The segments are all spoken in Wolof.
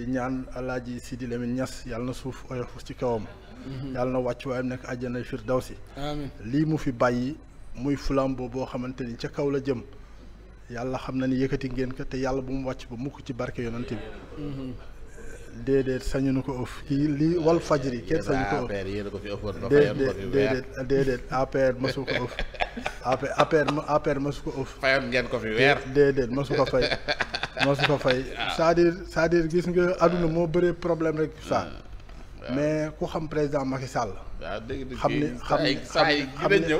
di ñaan alaaji Sidi Lamine Niass yàlla na suuf oyof ci kawam mhm. yàlla na wàcc waayam nekk àjjana firdawsi amiin lii mu fi bàyyi muy flambeau boo xamante ni ca kaw la jëm yàlla xam na ni yëkkati ngeen ko te yàlla bu mu wàcc ba mukk ci barke yonante bi mhm. déedéet sañu nu ko ëf kii lii wal fajri kenn sañu ko ëf déedéet déedéet APR masu ko ëf APR APR masu ko ëf fayoon ngeen ko fi weer déedéet masu ko fay moo su ko fay c'est-à-dire cest gis nga àdduna moo bëree problème rek ça mais ku xam président Macky la waaw dëgg xam ne xam ne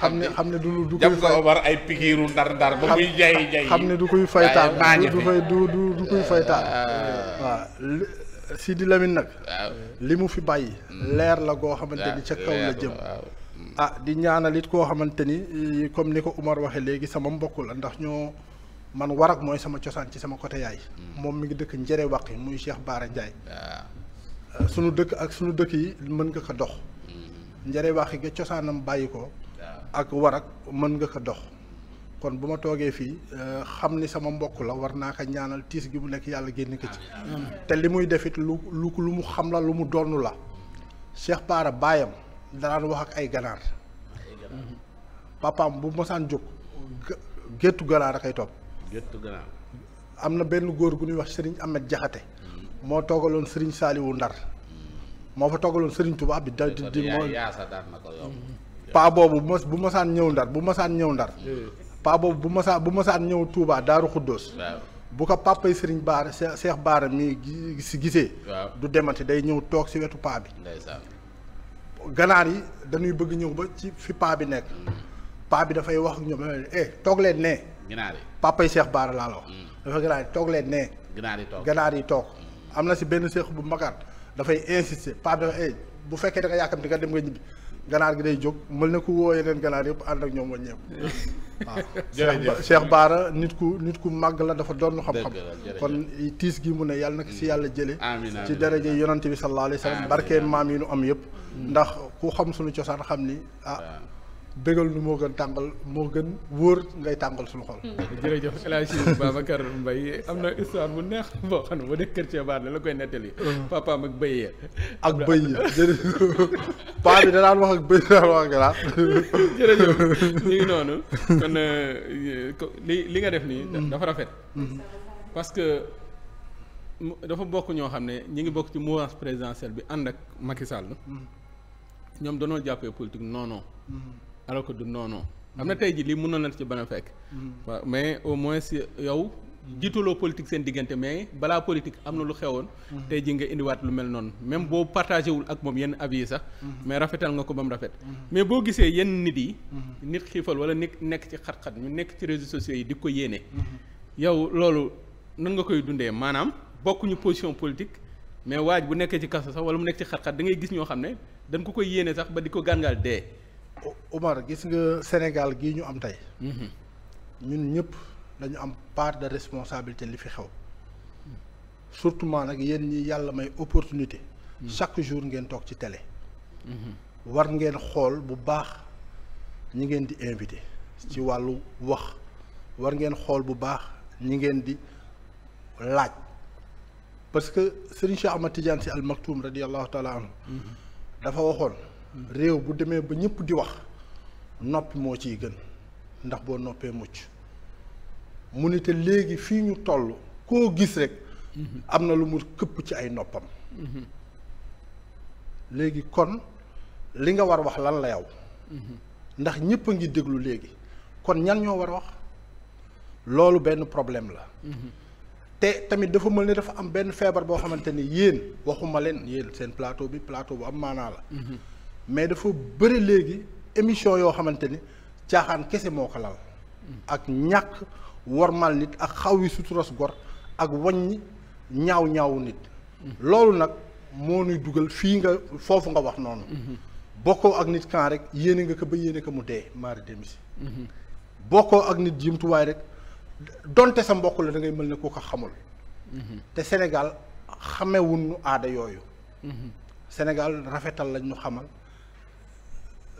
xam ne xam ne du du koy fay war ay pikiiru ndar ndar ba muy jaay jaay xam ne du koy faytaal du fay du du du koy faytaal ah. waaw Sidi nag li mu fi bàyyi hmm. leer la goo xamante ni ca kaw la jëm hmm. ah di ñaanalit koo xamante ni comme ni ko Umar waxee léegi sama mbokk la ndax ñoo man war ak mooy sama cosaan ci sama côté yaay. moom mi ngi dëkk njëre yi muy Cheikh Baara Ndiaye. Euh, sunu dëkk ak sunu dëkk yi mën nga ko dox. Mm-hmm. njëre waqi ga cosaanam bàyyi ko. ak war ak mën nga ko dox. kon bu ma toogee fii euh, xam ni sama mbokk la war naa ko ñaanal tiis gi mu nekk yàlla génn ko ci. te li muy def lu lu lu mu xam la lu mu donn la. Cheikh Baara baayam danaan wax ak ay ganaar. Mm-hmm. papaam bu mosaan jóg. géttu ganaar a koy topp. géttu am na benn góor gu ñuy wax Serigne Ahmed Jaxate mm. moo toogaloon Serigne Saaliwu Ndar mm. moo fa toogaloon sëriñ Touba bi da di di moo mm-hmm. paa boobu bu mosaan ñëw Ndar bu masaan ñëw Ndar mm. paa boobu bu mosaan bu mosaan ñëw tuubaa Daaru Xuddoos bu ko pàppay Serigne Baara Cheikh Baara mi si gisee du demati day ñëw toog si wetu paa bi ganaar yi danuy bëgg ñëw ba ci fi paa bi nekk paa bi dafay wax ñoom eh, eh, toog leen ne ginaar yi papa yi Cheikh Baara laa la wax. Mm. yi toog leen ne. ginaar yi toog ginaar yi toog. am na si benn seex bu makaat dafay insister paa dafa eh, bu fekkee da nga yàkkamti nga dem nga ñibbi ganaar gi day jóg mën na ku woo yeneen ganaar yëpp ànd ak ñoom wàññeeku. Mm. waaw jërëjëf Cheikh Baara nit ku nit ku màgg la dafa doon xam-xam. kon tiis gi mu ne yàlla nag si mm. yàlla jëlee. ci daraja yonante bi sallallahu alayhi wa sallam barkeen maam yi nu am yëpp. ndax ku xam suñu cosaan xam ni ah. bégal nu moo gën tàngal moo gën wóor ngay tàngal suñu xol. Hmm. jërëjëf El Hadj Babacar Mbaye am na histoire bu neex boo xam ne bu dee kër Thiabar la la koy nettali. Hmm. papaam ak bëy ya. ak bëy ya jërëjëf paa bi wax ak bëy danaan ngi noonu kon euh, li li nga def nii. Hmm. dafa rafet. parce que dafa bokk ñoo xam ne ñu ngi bokk ci mouvance présidentielle bi ànd ak Macky ñoom danoo jàppee politique non alors que du non am na tey ji lii mun na ci ban a fekk. Mm-hmm. waaw mais au moins yow. jiitaloo politique seen diggante mais balaa politique am na lu xewoon. Mm-hmm. tey ji nga indiwaat lu mel noonu même boo partagé wul ak moom yenn avis sax. Mm-hmm. mais rafetal nga ko ba mu rafet. mais boo gisee yenn nit yi. nit xiifal wala nit nekk ci xat-xat ñu nekk ci réseaux sociaux yi di ko yéene. yow loolu nan nga koy dundee maanaam bokkuñu position politique mais waaj bu nekkee ci kaso sax wala mu nekk ci xat da ngay gis ñoo xam ne dañ ko koy yéene sax ba di ko gàngaal dee. Omar gis nga Sénégal gii ñu am tey. Mhm. ñun ñëpp dañu am part de responsabilité li fi xew. surtout maa nag yéen ñi yàlla may opportunité. Mhm. chaque jour ngeen toog ci télé. Mhm. war ngeen xool bu baax ñi ngeen di invité. ci wàllu wax war ngeen xool bu baax ñi ngeen di laaj. parce que Serigne Cheikh Ahmad Tidiane Sy Al Maktoum radiyallahu taala anhu dafa waxoon. réew bu demee ba ñëpp di wax noppi moo ci gën ndax boo noppee mucc mu ni te léegi fii ñu toll koo gis rek am na lu mu këpp ci ay noppam léegi kon li nga war wax lan la yow ndax ñëpp a ngi déglu léegi kon ñan ñoo war wax loolu benn problème la te tamit dafa mel ni dafa am benn feebar boo xamante ni yéen waxuma leen yéen seen plateau bi plateau bu am maanaa la mais dafa bëri léegi émission yoo xamante ni caaxaan kese moo ko lal ak ñàkk warmal nit ak xaw yi suturas gor ak wañ ñaaw ñaawu nit loolu nag moo nuy dugal fii nga foofu nga wax noonu bokkoo ak nit kan rek yéene nga ko ba yéene ko mu dee maari demisi bokkoo ak nit jimtuwaay rek donte sa mbokk la da ngay mel ne ku ko xamul te Sénégal xamewun aada yooyu Sénégal rafetal lañ ñu xamal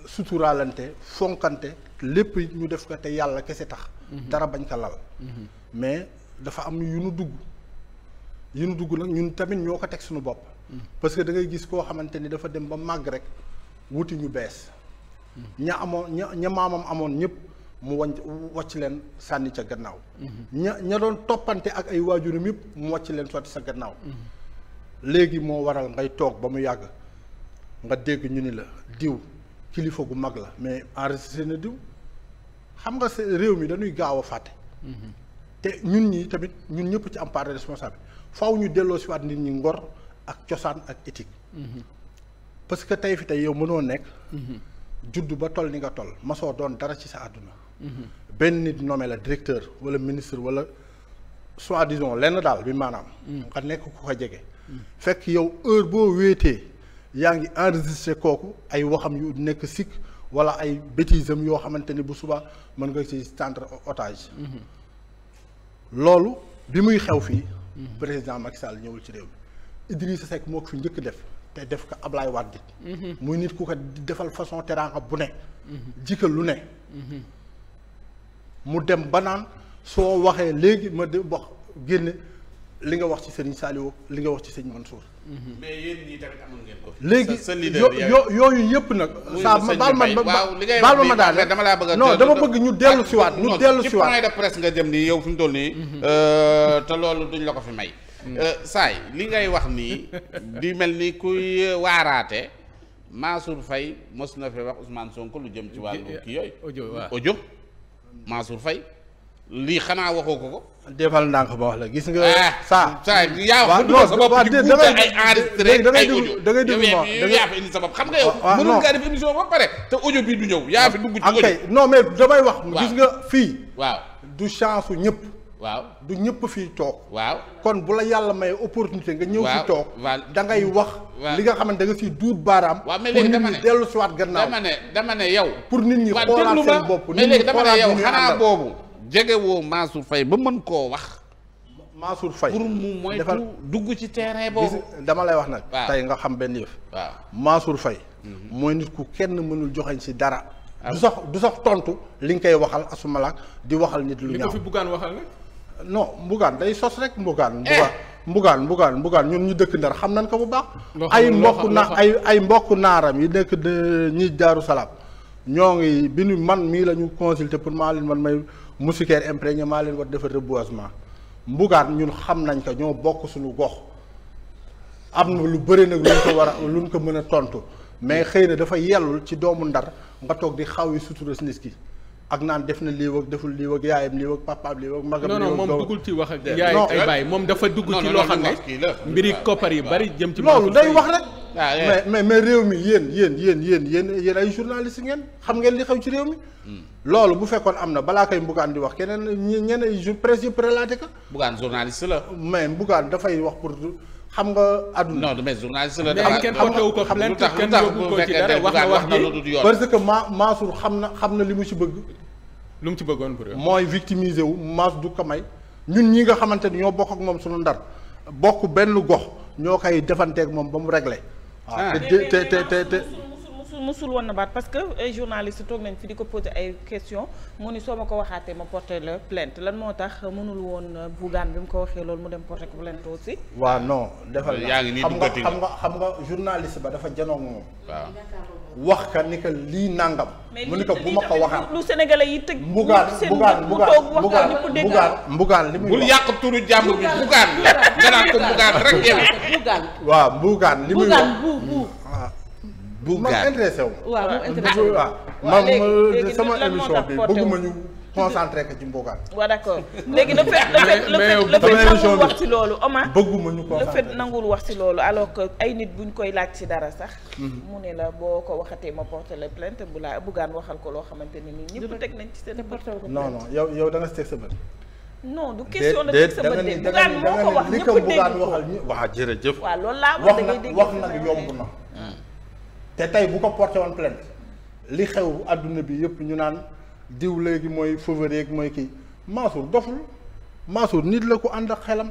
suturaalante fonkante lépp ñu def ko te yàlla kese tax. Mhm. dara bañ ko lal. Mhm. mais dafa am yu nu dugg yu nu dugg nag ñun tamit ñoo ko teg suñu bopp. Mhm. parce que da ngay gis koo xamante ni dafa dem ba màgg rek wuti ñu bees. ña amoon ña ña maamam amoon ñëpp mu wañ wàcc leen sànni ca gannaaw. ña ña doon toppante ak ay waajuram yëpp mu wàcc leen sotti sa gannaaw. léegi moo waral ngay toog ba mu yàgg nga dégg ñu ni la diw. kilifa gu mag la mais enregistré na diw xam nga réew mi dañuy gaaw a fàtte. Mhm. te ñun ñi tamit ñun ñëpp ci am part de responsable faaw ñu delloo si waat nit ñi ngor ak cosaan ak éthique. Mhm. parce que tey fi tey yow mënoo nekk. Mhm. juddu ba toll ni nga toll masoo doon dara ci sa àdduna. benn nit nommé la directeur wala ministre wala soit disons lenn daal bi maanaam. nga nekk ku ko jege. fekk yow heure boo wéetee. yaa ngi enregistré kooku ay waxam yu nekk sikk wala ay bêtises yoo xamante ni bu subaa mën nga ci centre otage. Mm-hmm. loolu bi muy xew fii. Mm-hmm. président Macky ñëwul ci réew mi Idrissa Seck moo ko fi njëkk def te def ko Ablaye Wade. Mm-hmm. muy nit ku ko defal façon teraanga bu ne. jikka lu ne. mu dem ba naan soo waxee léegi ma de wax génne li nga wax ci Serigne Saliou li nga wax ci Serigne Mansour. Mhm. mais yéen ñii tamit amoon ngeen ko. léegi yo yooyu yëpp nag. sa ma baal ma baal ma ma daal dama laa bëgg a. non dama bëgg ñu dellu si waat ñu dellu si waat. ci point de nga jëm nii yow fi mu toll nii. Mhm. Euh, te loolu duñ la ko fi may. Mhm. Euh, saay li ngay wax nii di mel ni kuy waaraate Mansour fay mos na fi wax Ousmane Sonko lu jëm ci wàllu kii yooyu. audio Mansour fay lii xanaa waxoo ko ko. defal ndànk ba wax la gis nga. Ah, saa saa yaa wax dugg sa bopp di guute ay da ngay dugg da ngay dugg fi sa bopp xam nga yow. mënul ba pare te audio bii du ñëw yaa fi dugg ci ah, audio. non mais damay wax. nga fii. waaw du chance su ñëpp. waaw du ñëpp fii toog. waaw kon bu la yàlla may opportunité nga ñëw fi toog. da ngay wax. li nga xamante da nga siy duut baaraam. waaw mais léegi dama ne pour nit ñi dellu si waat gannaaw. dama ne dama ne yow. pour nit ñi xoolaat seen bopp nit ñi xoolaat jegewoo Mansour fay ba mën koo wax. Mansour Faye pour mu dugg ci terrain boobu. dama lay wax nag. tey nga xam benn yëf. waaw mhm. mooy nit ku kenn mënul joxañ si dara. Ah du sax du sax tontu li nga koy waxal asumalaak di waxal nit lu ñaaw li ko fi buggaan waxal rek. mbugaan day sos rek mbugaan. mbugaan eh. mbugaan mbugaan mbugaan ñun ñu dëkk ndara xam nañ ko bu baax. ay mbokk na ay ay mbokk naaram yi nekk ñi daaru ñoo ngi bi ñu man mii la ñu consulter pour maa leen man may. moustiquaire imprégné maa leen war defar reboisement mbugaat ñun xam nañ ko ñoo bokk suñu gox am na lu bëri nag luñ ko war a luñ ko mën a tontu mais xëy na dafa yellul ci doomu ndar nga toog di xaw yi sutura si nis ki ak naan def na lii wag deful lii wag yaayam lii wag papaam lii wag magam non non moom duggul ci wax ak yaay eh, ay bàyyi moom dafa dugg ci loo xam ne mbiri koppar yi bari jëm ci loolu day wax rek Ah, mais mais mais réew mi yéen yéen yéen yéen yéen yéen ay journaliste ngeen xam ngeen li xew ci réew mi. Hmm. loolu bu fekkoon am na balaa koy Bougane di wax keneen ñi ñenn ay presse yu prélaté ka. Bougane journaliste la. mais Bougane wax pour xam nga àdduna. non mais journaliste la. mais kenn porté wu ko plainte kenn yóbbu ko ci wax na wax que ma Mansour xam na xam na li mu ci bëgg. lu mu ci bëggoon mooy victimiser wu Mansour du ko may ñun ñi nga xamante ni ñoo bokk ak moom suñu ndar bokk benn gox ñoo koy defanteeg moom ba mu réglé. waaw ah. te te te musul musul woon na baat parce que ay journaliste toog nañ fi di ko poser ay question mu ni soo ma ko waxaatee ma porté la plainte lan moo tax mënul woon Bougane bi mu ko waxee loolu mu dem porté ko plainte aussi. waaw non defal yaa ngi nii duggati xam ba dafa janoog moom. waaw wax ka ni que lii nangam. mu ni ko bu ma ko waxaat lu Sénégalais yi tëj. Bougane Bougane Bougane Bougane Bougane li muy wax bul yàq turu jàmbur bi Bougane. nga naan li muy wax Bougane man intéressé wu. waaw moom intéressé wu man euh, sama émission bi bëgguma ñu. concentré ko ci Bougane. waa d'accord léegi le fait le fait le fait le wax ci loolu Oma. bëgguma ñu concentré le fait wax ci loolu alors que ay nit buñ koy laaj ci dara sax. Mhm. mu ne la boo ko waxatee ma porté la plainte bu laa Bougane waxal ko loo xamante ne nii ñëpp teg nañ ci seen bët. non non yow yow da nga teg sa bët. non du question la teg sa bët de Bougane moo ko wax ñëpp dégg ko. waaw jërëjëf. waaw loolu laa wax da ngay dégg wax nag yomb na. te tey bu ko porté woon li xew àdduna bi yëpp ñu naan diw léegi mooy favori mooy kii Mansour doful Mansour nit la ko ànd ak xelam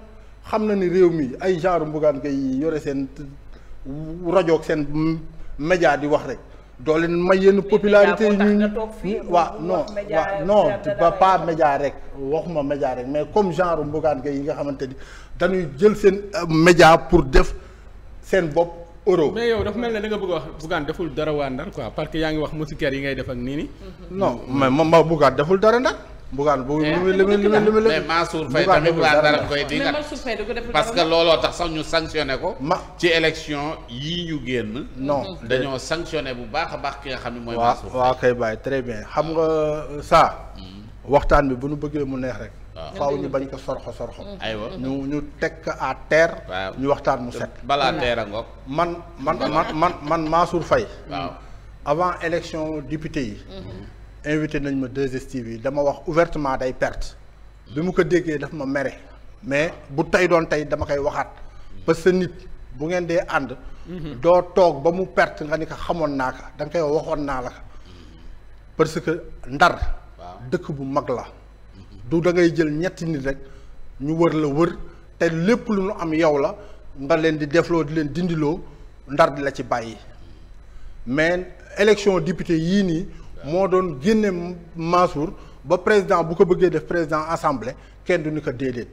xam na ni réew mi ay genre mbugaan ngay yore seen rajoog seen média di wax rek doo ma may yenn popularité yi ñu waaw non waaw non ba pas média rek waxuma média rek mais comme genre mbugaan ngay yi nga xamante ni dañuy jël seen euh, média pour def seen bopp euro. mais yow dafa mel ne da nga bëgg a wax Bougane deful dara waa Ndar quoi parce que yaa ngi wax moustiquaire yi ngay def ak nii nii. Mm-hmm. non mais moom ma Bougane deful dara Ndar. Bougane bu eh, li muy li muy li muy mais Mansour Faye Ndar parce que looloo tax sax ñu sanctionné ko. ma ci élection yii ñu génn. no dañoo sanctionné bu baax a baax ki nga xam ne mooy. Mansour Faye waaw waaw kay bàyyi très bien xam nga saa. Euh, mm-hmm. waxtaan bi bu nu bëggee mu neex rek. faaw ñu bañ ko sorxo sorxo mm. aywa ñu ñu teg ko à terre ñu waxtaan mu set balaa teer man man man man man Mansour Faye waaw avant élection député yi mm-hmm. invité nañ ma 2STV yi dama wax ouvertement day perte bi mu ko déggee daf ma mere mais bu tey doon tey dama koy waxaat mm-hmm. parce que nit bu ngeen dee ànd mm-hmm. doo toog ba mu perte nga ni ko xamoon naa ko da koy waxoon naa la ko parce que ndar dëkk bu mag la du da ngay jël ñetti nit rek ñu wër la wër te lépp lu nu am yow la nga leen di defloo di leen dindiloo ndar di la ci bàyyi mais élection député yii nii moo doon génne Mansour ba président bu ko bëggee def président assemblée kenn du ni ko déedéet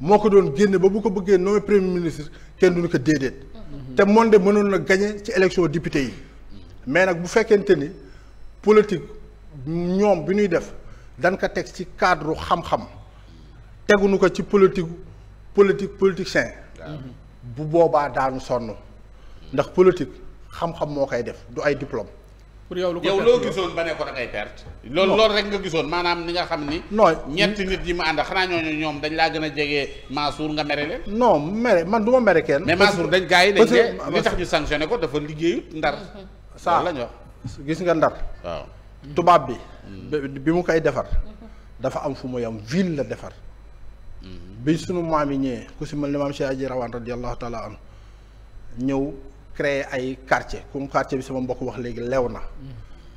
moo ko doon génne ba bu ko bëggee nommé premier ministre kenn du ni ko déedéet te de mënoon na gañe ci élection député yi mais nag bu fekkente ni politique ñoom bi ñuy def dañ ko teg ci cadre xam-xam teguñu ko ci politique politique politicien bu boobaa daanu sonn ndax politique xam-xam moo koy def du ay diplôme. pour yow lu ko loo gisoon ba ne ko da perte. loolu loolu rek nga gisoon maanaam ni nga xam ni. non ñetti nit yi mu ànd xanaa ñooñu ñoom dañ laa gën a jege Mansour nga mere leen. non mere man du ma mere kenn. mais Mansour dañ gars yi dañ ne li tax ñu sanctionné ko dafa liggéeyut ndar. saa la ñu wax gis nga ndar tubaab bi. bi mu koy defar. dafa am fu mu yam ville la defar. bi sunu maam yi ñëwee ku si mel ni maam Cheikh Aji Rawaan radiyallahu taala an ñëw créer ay quartier comme quartier bi sama mbokk wax léegi lew na.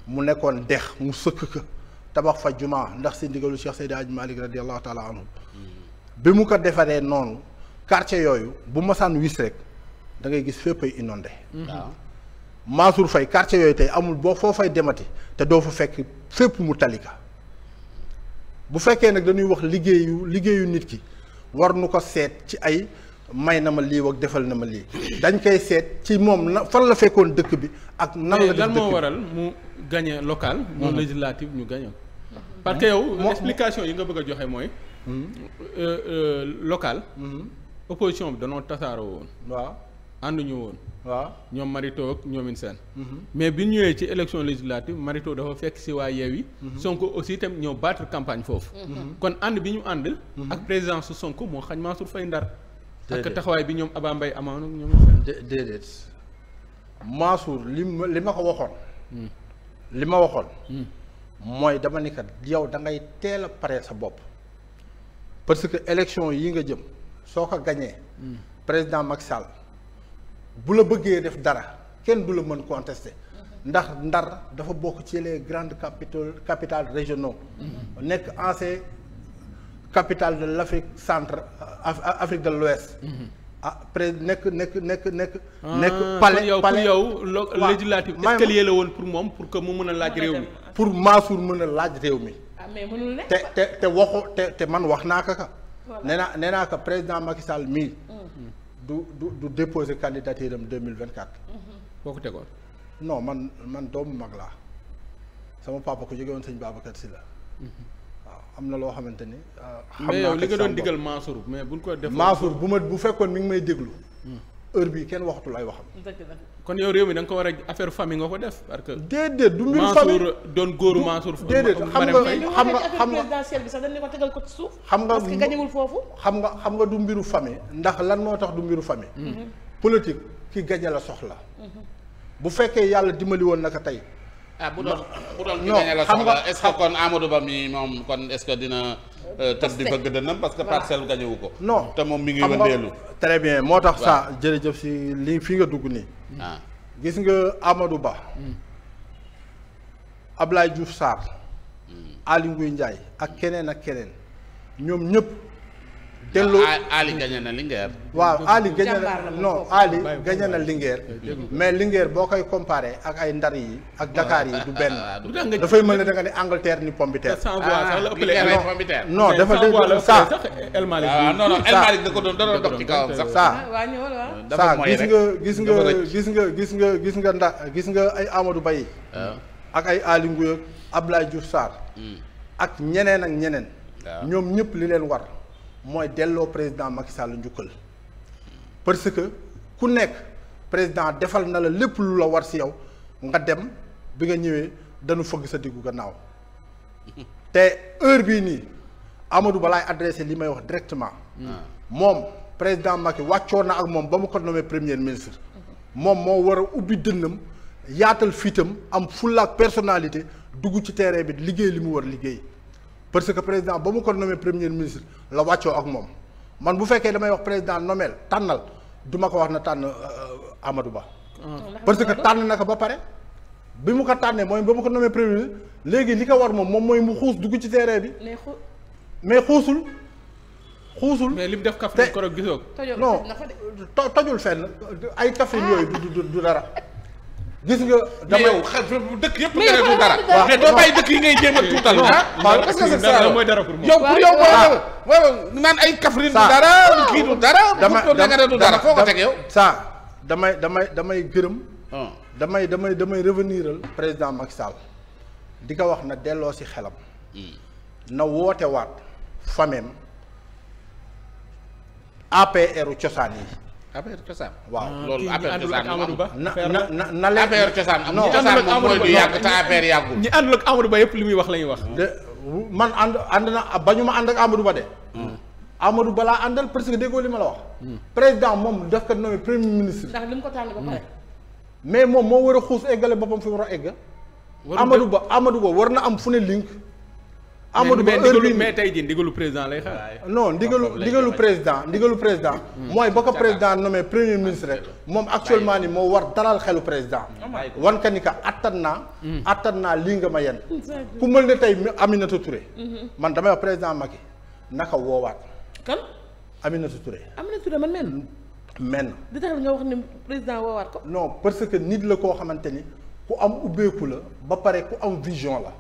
mu nekkoon dex mu sëkk ka tabax fa jumaa ndax si ndigalu Cheikh Seydi Aji Malick radiyallahu taala anhu bi mu ko defaree noonu quartier yooyu bu masaan wis rek da ngay gis fépp ay inondé. Mansour fay quartier yooyu tey amul boo foo fay demati te doo fa fekk fépp mu talika bu fekkee nag dañuy wax liggéeyu liggéeyu nit ki war nu ko seet ci ay may na ma lii wak defal na ma lii dañ koy seet ci moom na fan la fekkoon dëkk bi ak nan la def dëkk bi moo waral mu gagné local mu mhm. législative ñu gagné ko parce que yow explication yi nga bëgg a joxe mooy mhm. euh, euh, local mhm. opposition bi danoo tasaaroo woon waaw ànduñu woon. waaw ñoom Marito ak ñoomin seen mhm. mais bi ñu ñëwee ci élection législative Marito dafa fekk si waa Yewwi mhm. Sonko aussi itam ñëw battre campagne foofu. Mhm. kon ànd bi ñu ànd. ak présidence su Sonko moo xañ Mansour fay Ndar. ak taxawaay bi ñoom Aba Mbaye amoon ak ñoom seen. déedéet Mansour li ma li ma ko waxoon. Hmm. li ma waxoon. Hmm. mooy dama ni kat yow da ngay teel a pare sa bopp. parce que élection yi nga jëm soo ko gañee hmm. président Macky Sall. bu la bëggee def dara kenn du la mën contester ndax Ndar dafa bokk ci les grandes capitales capitales régionaux nekk ancien capitale de l' Afrique centre euh, Afrique de l'Ouest mhm. ah pré nekk nekk nekk nekk. Ah, nekk palais palais yow yow législative escalier la woon pour moom pour que mu mën a laaj réew mi. pour Mansour mën a laaj réew mi. Ah, mais mënul ne te te te waxu te te man wax naa ko ka nee naa nee naa ko président Macky Sall mii. du du du déposer candidature am deux mille vingt quatre. boo ko tegoon. no man man doomu mag laa sama papa ko jóge woon sëñ Babacar Sylla waaw am na loo xamante ni. Ah, xam naa mais yow li nga doon digal Mansour mais buñ ko def. Mansour bu ma bu fekkoon mi ngi may déglu. Hmm. heure bii kenn waxatul ay waxam. kon yow réew mi da nga ko war a affaire famille nga ko def déedéet du mbir famille Mansour doon góoru Mansour. foofu. xam nga xam nga du mbiru famille. ndax lan moo tax du mbiru famille. Mm-hmm. politique ki gañe la soxla. Mm-hmm. bu fekkee yàlla dimbali woon naka tey. ah bu doon bu doon ki gañe la soxla est-ce kon Amadou Ba mi moom kon est dina. Euh, tëdd di bëgg dënam parce que parcelle gagné ko. non te moom mi ngi wëndeelu. très bien moo tax ça jërëjëf si lii fi nga dugg nii. Ah. gis nga amadu Ba. Hmm. Ablaye Diouf Sarr. Hmm. Aly Ngouille Ndiaye ak keneen ak keneen ñoom ñëpp. te loolu Ali gagné na Linguère. waaw Ali gagné na non Ali gagné na Linguère. mais Linguère boo koy comparé ak ay ndar yi ak Dakar yi du benn. dafay mel ne da nga ne Angleterre ni Pompiteer. Ah, non dafa de saa. waaw non non El Malick da ko doon da doon dox ci kawam sax. saa ah, saa ah, gis nga gis nga gis nga gis nga gis nga nda gis nga ay Amadou Baye. ak ay Ali Ngouye Abdoulaye Diouf Sarr. Hmm. ak ñeneen ak ñeneen. ñoom ñëpp li leen war. mooy delloo président Macky Sall njukkal parce que ku nekk président defal na la lépp lu la war si yow nga dem bi nga ñëwee dañu fëgg sa diggu gannaaw te heure bii nii Amadou Ba laay adressé li may wax directement. Hmm. moom président Macky wàccoon na ak moom ba mu ko nommé première ministre. moom moo war a ubbi dënnam yaatal fiitam am fullaak personnalité dugg ci terrain bi liggéey li mu war liggéey. parce que président ba mu ko nommé premier ministre la wàccoo ak moom man bu fekkee damay wax président nomeel tànnal duma ko wax na tànn euh, euh, Amadou Ba. Ah. parce que tànn na ko ba pare. bi mu ko tànnee mooy ba mu ko nommé premier ministre léegi li ko war moom moom mooy mu xuus dugg ci terrain bi. mais xuusul. xuusul mais li lim def kafrin korog gisoo non tojul fenn ay kafrin yooyu du du dara. gis nga damay yow dëkk dëkk yi ngay jéem a ah, tuutal ah parce que c'est ça yow pour yow mooy mooy naan ay Kaffrine dara kii du dara dama dama dara foo ko teg yow ça damay damay damay gërëm ah. damay damay damay reveniral président Macky Sall di ko wax na delloo si xelam hmm. na woote waat fameem APR cosaan yi affaire cosaan. Ah, waaw loolu affaire cosaan mu am na na na cosaan na cosaan moom mooy du yàgg te affaire yàggul. ñi àndul ak Amadou Ba yëpp li muy wax la ñuy wax. man ànd ànd na ba ñu ma ànd ak Amadou Ba de. Hmm. Amadou balaa laa àndal parce que déggoo li ma la wax. Hmm. président moom daf ko nommé premier ministre. ko tànn ba hmm. mais moom moo war a xuus eggale boppam fi mu war a egg. Amadou Ba Amadou Ba war na am fu ne link. Amadou Ba heure bii mais tey jii ndigalu président lay xaar. Ah, non ah, ndigalu ndigalu président ndigalu président. Hmm. mooy ba ko président nommé premier ministre rek moom actuellement ni moo war dalal xelu président. Oh wan ka ni ka attan naa. Hmm. attan naa lii nga ma yenn. ku mel ne tey Aminata Touré. Mm-hmm. man damay wax président Macky naka woowaat. kan. Aminata Touré. Aminata Touré man men. men. di tax nga wax ne président woowaat ko. non parce que nit la koo xamante ni ku am ubbeeku la ba pare ku am vision la.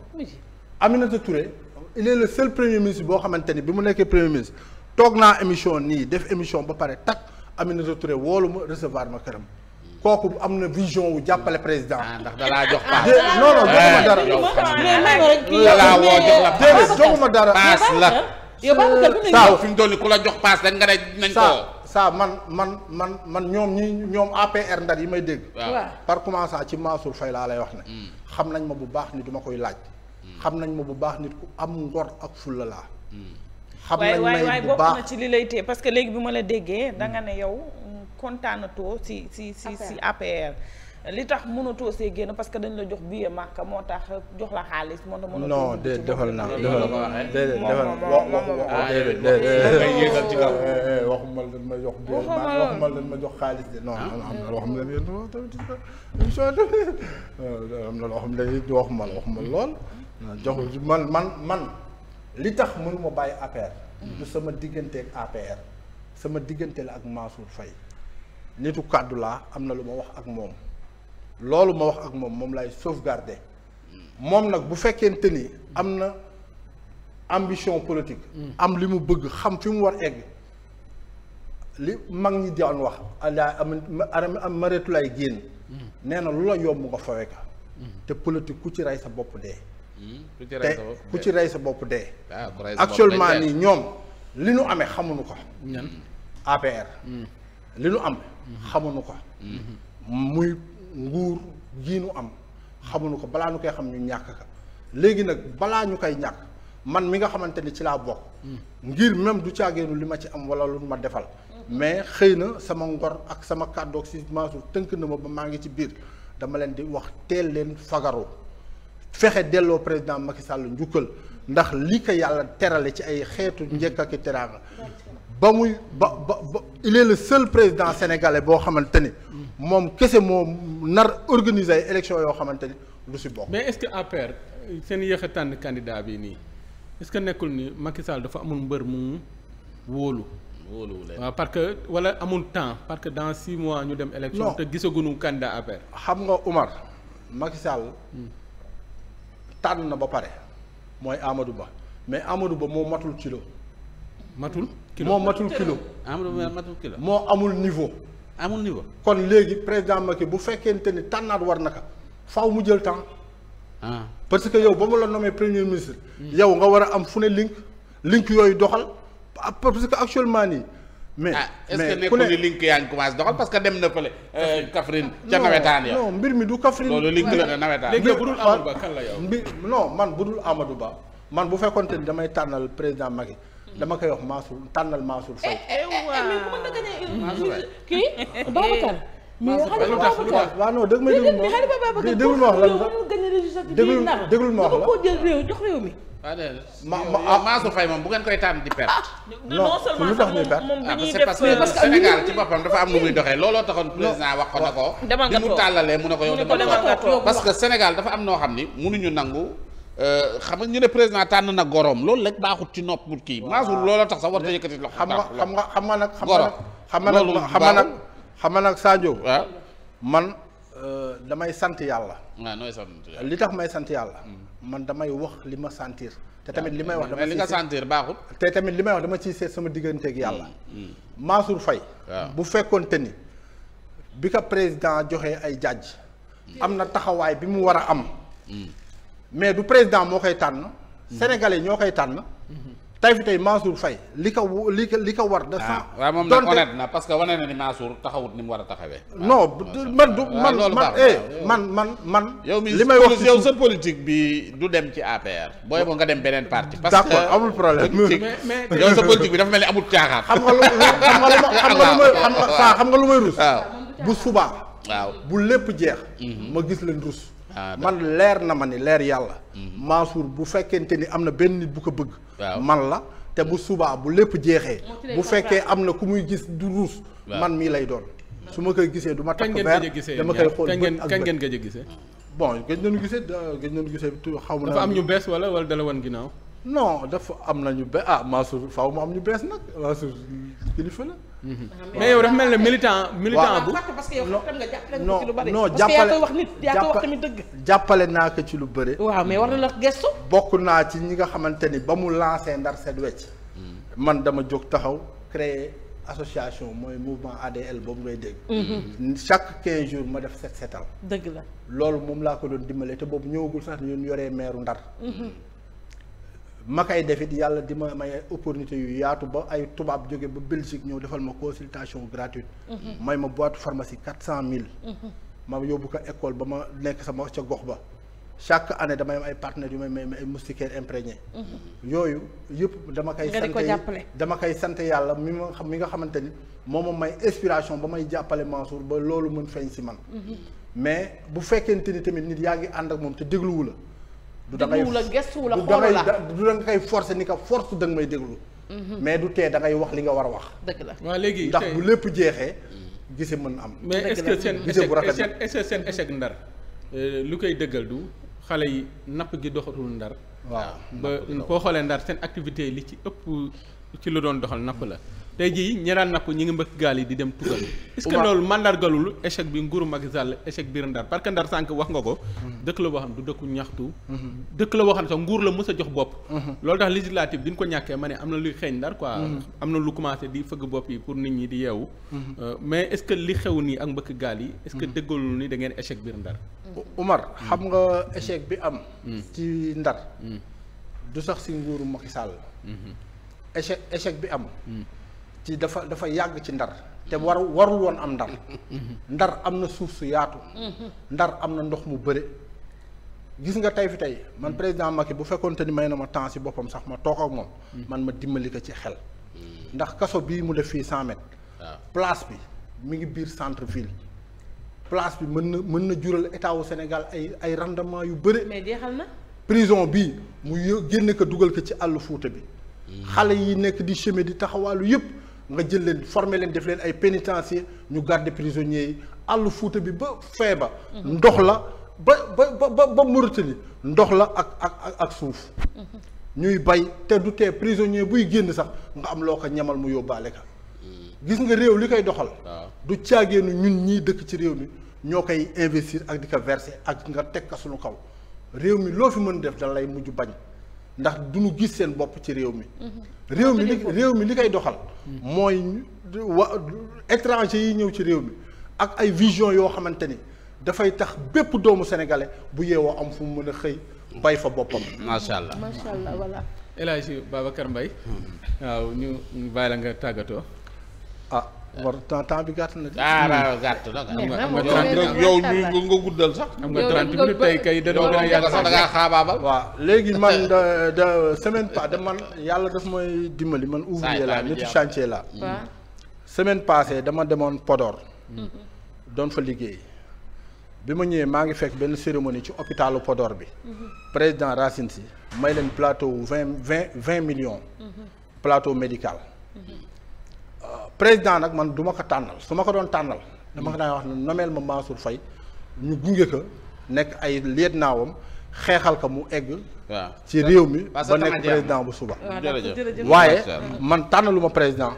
Aminata Touré. il est le premier ministre boo xamante ni bi mu nekkee premier ministre toog naa émission nii def émission ba pare tak Aminata Touré woolu ma recevoir ma këram kooku am na vision wu jàppale président. Ah, ndax da laa jox paas. non non joxuma eh, dara. déedéet joxuma dara. paas la. saa fi mu toll nii ku la jox paas dañ nga ne nañ koo. saa man man man man ñoom ñi ñoom APR ndar yi may dégg. par commençant ci Mansour fay laa lay wax ne. Hmm. xam nañ ma bu baax ni duma koy laaj. xam nañ ma bu baax nit ku am ngor ak fulla laa xam nañ baax ci li lay téye parce que léegi bi ma déggee da ne yow kontaanatoo si si si si APR li tax mënatoo see génn parce que dañ la jox billet Makka moo tax jox la xaalis moo tax mënatoo non de defal naa defal naa ma jox ma jox xaalis de non am na loo xam ne yéen tamit émission lool joxu man man man li tax mënuma bàyyi APR. du sama diggante ak sama diggante la ak Mansour Faye nitu kàddu laa am na lu ma wax ak moom loolu ma wax ak moom moom laay sauvegarder moom nag bu fekkente ni am na ambition politique. am li mu bëgg xam fi mu war egg. li mag ñi daan wax ala am maretu lay génn mm. nee na lu la yomb nga fawe ka mm. te politique ku ci rey sa bopp dee te mm-hmm. ku ci rey sa bopp de ah, actuellement nii ñoom li nu amee xamuñu ko APR mm. li nu am xamuñu ko mm-hmm. muy nguur gii nu am xamuñu ko balaa ñu koy xam ñu ñàkk ka léegi nag balaa ñu koy ñàkk man mi nga xamante ni ci laa bokk mm. ngir même du caageenu li ma ci am wala lu ma defal mais xëy na sama ngor ak sama kàddoog si Mansour tënk na ma ba maa ngi ci biir dama leen di wax teel leen fagaru fexe delloo président Macky Sall njukkal ndax lii ko yàlla terale ci ay xeetu njëkk ak teraanga ba muy ba ba ba il est le président sénégalais boo xamante ni moom kese moom nar organiser ay élections yoo xamante ni du si bokk. mais est-ce que APR seen yéex a tànn candidat bi nii est que nekkul nii Macky dafa amul mbër mu wóolu. wóolu waaw parce que wala amul temps parce que dans six mois ñu dem. élection te gisaguñu candidat APR. xam nga Umar Macky Sall. Hmm. tànn na ba pare mooy Amadou Ba mais Amadou Ba moo matul kilo. matul kilo moo matul kilo. Amadou Ba matul kilo. moo amul niveau. amul niveau kon léegi président Macky bu fekkente ni tànnaat war na ka faaw mu jël temps. ah parce que yow ba mu la nommé premier ministre. yow nga war a am fu ne link link yooyu doxal parce que actuellement nii. mais ah est-ce que nekkul ni link yaa ngi commencé doxal parce que dem na fële. Euh, Kaffrine ah, ca nawetaan ya non mbir mi du Kaffrine. loolu link la na nawetaan léegi bu dul Amadou Ba kan la yow. mbir non man bu dul Amadou Ba man bu fekkoonte ni damay tànnal président Macky dama koy wax Mansour tànnal Mansour Faye. Eh, eh, eh, kii Babacar. waaw non dégg ma déglu ma wax lan déglu déglu ma wax la. ma ma ah. Mansour Faye moom bu ngeen koy tànn di perte. Ah, non tax ñuy perte moom bi ah, ñuy parce que euh, Sénégal ci boppam dafa am nu muy doxee looloo taxoon président wax ko na ko. demal nga toog bi mu tàllalee mu ne ko yow demal toog parce que Sénégal dafa am noo xam ni mënuñu nangu. Euh, xam nga ñu ne président tànn na gorom loolu rek baaxut ci nopp kii. Mansour looloo tax sax war na yëkkati loxo. xam nga xam nga xam nga nag. gorom loolu baaxul xam nga nag xam nga nag Sadio. man euh, damay sant yàlla. waaw nooy sant yàlla li tax may sant yàlla mm-hmm. man damay wax li ma sentir. te tamit li may wax dama li nga baaxul. te tamit li may wax dama ciy seet sama digganteeg yàlla. Mm, mm. Mansour Faye bu fekkoonte ni bi ko président joxe ay jàjj. am na taxawaay bi mu war a am. Mm. mais du président moo koy tànn. sénégalais ñoo koy tànn. Mm-hmm. tey fi tey Mansour Faye li ko li ko li ko war. de ah, sans waaw moom nag honnête na parce que wane na ni Mansour taxawut ni mu war a taxawee. non man du man man eh man man man. yow mi li may wax yow sa politique bi du dem ci APR. booy boo nga dem beneen parti. parce que d'accord amul problème. mais yow sa politique bi dafa mel ni amul caaxaan. xam nga lu xam nga lu ma xam nga lu may xam nga saa xam nga lu may rus. waaw bu subaa. waaw bu lépp jeex. Mhm. ma gis leen rus. Ah, man leer na ma ni leer yàlla. Mhm. Mansour bu fekkente ni am na benn nit bu ko bëgg. man la te bu subaa bu lépp jeexee. bu fekkee am na ku muy gis du ruus. man mii lay doon. su ma koy gisee du ma takk weer dama koy xool bët ak ngeen gëj a gisee. bon gëj nañu gisee gëj nañu gisee xaw ma. dafa am ñu bees wala wala dala wan ginnaaw. non dafa am nañu be ah Mansour faaw mu am ñu bees nag Mansour kilifa la. Mhm. mais yow dafa mel na militant militant bu. parce que yow xam nga jàppale nga ci lu bëri. non non jàppale parce jàppale naa ko ci lu bëri. waaw mais war na la gëstu. bokk naa ci ñi nga xamante ni ba mu lancé ndar set wecc. Mhm. man dama jóg taxaw créer association mooy mouvement ADL boobu ngay dégg. Mhm. Mm-hmm. chaque quinze jours ma def set setal. dëgg la loolu moom laa ko doon dimbale te boobu ñëwagul sax ñun yoree meeru ndar. ma koy def yàlla di ma may ay opportunité yu yaatu ba ay tubaab jóge ba Belgique ñëw defal ma consultation gratuite. Mhm. may ma boîte pharmacie quatre cent mille. Mhm. ma yóbbu ko école ba ma nekk sama ca gox ba. chaque année damay am ay partenaires yu may may ay moustiquaires imprégné mhm. yooyu yëpp dama koy sant dama koy sant yàlla mi ma xam mi nga xamante ni moo ma may inspiration ba may jàppale Mansour ba loolu mën feeñ si man mais bu fekkente ni tamit nit yaa ngi ànd ak moom te dégluwu la du da ngay du da nga koy forcer ni ko force da nga may déglu. Mhm. mais du tee da wax li nga war a wax. dëgg la waaw léegi ndax bu lépp jeexee. gise mën am. mais seen échec est-ce que seen échec ndar. Euh, lu koy dëggal du xale yi napp gi doxatul ndar. waaw ba boo xoolee ndar seen activité li ci ëpp ci lu doon doxal napp la. tey jii ñi naan napp ñi ngi mbëkk gaal yi di dem tugal mm. est-ce que bi nguuru Macky Sall échec biir Ndar parce que Ndar sànq wax nga ko mm. dëkk la boo xam du dëkku ñaxtu mm-hmm. dëkk la boo xam ne nguur la mës a jox bopp mm-hmm. loolu tax législative bi ñu ko ñàkkee ma ne am na luy xeeñ Ndar quoi mm-hmm. am na lu commencé di fëgg bopp yi pour nit ñi di yeewu euh, mais est-ce que li xew nii ak mbëkk gaal yi est-ce que dëggalul ni da ngeen échec biir Ndar Umar mm. xam nga échec bi am ci Ndar sax si nguuru Macky Sall bi am ci dafa dafa yàgg ci ndar te war warul woon am ndar ndar am na suuf su yaatu ndar am na ndox mu bëre gis nga tey fi tey man président Macky bu fekkonte ni may na ma temps si boppam sax ma toog ak moom man ma dimbali ko ci xel ndax kaso bii mu def fii cent mètres ah. place bi mi ngi biir centre ville place bi mën na mën na jural état wu Sénégal ay ay rendement yu bëre mais jeexal na prison bii mu génn ko dugal ko ci àll fuuta bi hmm. xale yi nekk di chemin di taxawaalu yëpp nga jël leen former leen def leen ay pénitencier ñu garder prisonniers yi àll fuuta bi ba feeba mhm. ndox la ba ba ba ba Mauritanie ndox la ak ak ak suuf mhm. ñuy bay te du tee prisonnier buy génn sax nga am loo ko ñamal mu yóbbaale ka mm. gis nga réew li koy doxal du caageenu ñun ñii dëkk ci réew mi ñoo koy investir ak di ko ak nga teg ka suñu kaw réew mi loo fi mën def da lay mujj bañ ndax du ñu gis seen bopp ci réew mi. Mhm. réew mi li réew mi li koy doxal. mooy wa yi ñëw ci réew mi ak ay vision yoo xamante ni dafay tax bépp doomu sénégalais bu yeewoo am fu mu mën a xëy bay fa boppam. macha allah macha allah voilà. El Hadj Babacar Mbaye mhm. waaw ñu bàyyi la nga tàggatoo ah. war temps temps bi gàtt na. ah waaw gàtt la. yow ñu nga guddal sax. am nga 30 minutes tey kay da ngaa xaabaabal. waaw léegi man da da semaine pas de man yàlla daf mooy dimbali man. ouvrier la nitu chantier la. Mm-hmm. semaine passée dama demoon Podor. Mm-hmm. doon fa liggéey. bi ma ñëwee maa ngi fekk benn cérémonie ci hôpitalu Podor bi. Mm-hmm. président Racine Sy may leen plateau vingt vingt vingt millions. plateau médical. président nag man duma ko tànnal su ma ko doon tànnal dama ko daan wax ne nomeel ma Mansour Faye ñu gunge ko nekk ay liet naawam xeexal ko mu egg ci réew mi ba nekk président bu suba waaye man tànnalu ma président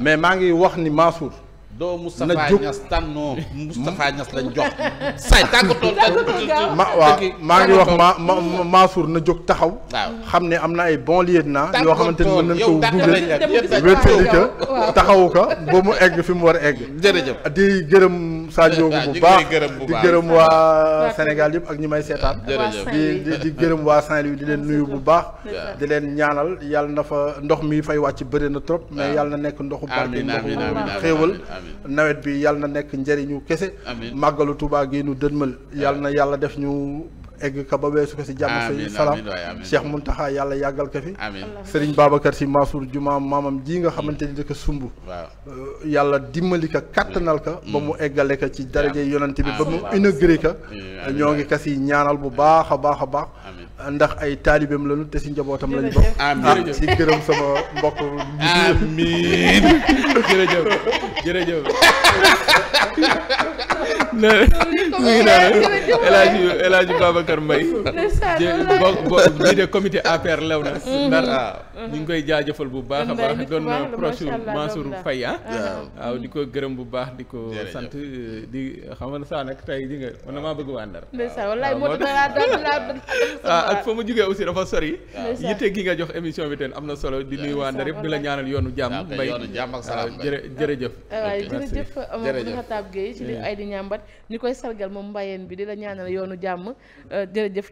mais maa ngi wax ni Mansour doo Moustapha Niass tànnoo hmm? Moustapha Niass lañ jox. say tàggatoo tàggatoo ma waaw maa ngi wax ma ma hmm. Mansour na jóg taxaw. xam ne am na ay bon lieutenant yoo xamante ni mën nañ ko google wéttali ka taxawu ka ba mu egg fi mu war a egg. jërëjëf di gërëm. Sadio ah, bu baax di gërëm waa Sénégal yëpp ak ñi may seetaan di di gërëm waa Saint-Louis di leen nuyu bu baax di leen ñaanal yàlla na fa ndox mi fay wàcc bëri na trop mais ah. yàlla na nekk ndoxu barke ndoxu xéewal nawet bi yàlla na nekk njëriñu kese màggalu Tuubaa gi nu dënmal ah. yàlla na yàlla def ñu egg ka ba weesu ko si jàmm si salaam Cheikh Muntaxa yàlla yàggal ko fi Serigne Babacar si Mansour Juma maamam ji nga xamante ni dëkk sumb euh, yàlla dimbali ka kàttanal ka ba mu mm. eggale ka ci daraje yonent bi ba mu inauguré ka ñoo ngi kasi ñaanal bu baax a baax a baax ndax ay taalibeem lañu te si njabootam lañu bokk amiin si ah, gërëm sama mbokk amiin El Hadj El Hadj Babacar Mbaye ji de comité APR lew na mhm. ndar ah, ñu ngi koy jaajëfal bu baax a baax doon proche Mansour Faye ah waaw di ko gërëm bu baax di ko sant eh, di xam nga saa nag tey di nga na damaa bëgg waa ndar ah ak fa mu jógee aussi dafa sori yitte gi nga jox émission bi teen am na solo di nuyu waa ndar yëpp di la ñaanal yoonu jàmm mbay ah, jërëjëf jërëjëf euh, Amadou Khatab Gueye ci li ay di ñàmbat ñu koy sargal moom mbayeen bi di la ñaanal yoonu jàmm euh, jërëjëf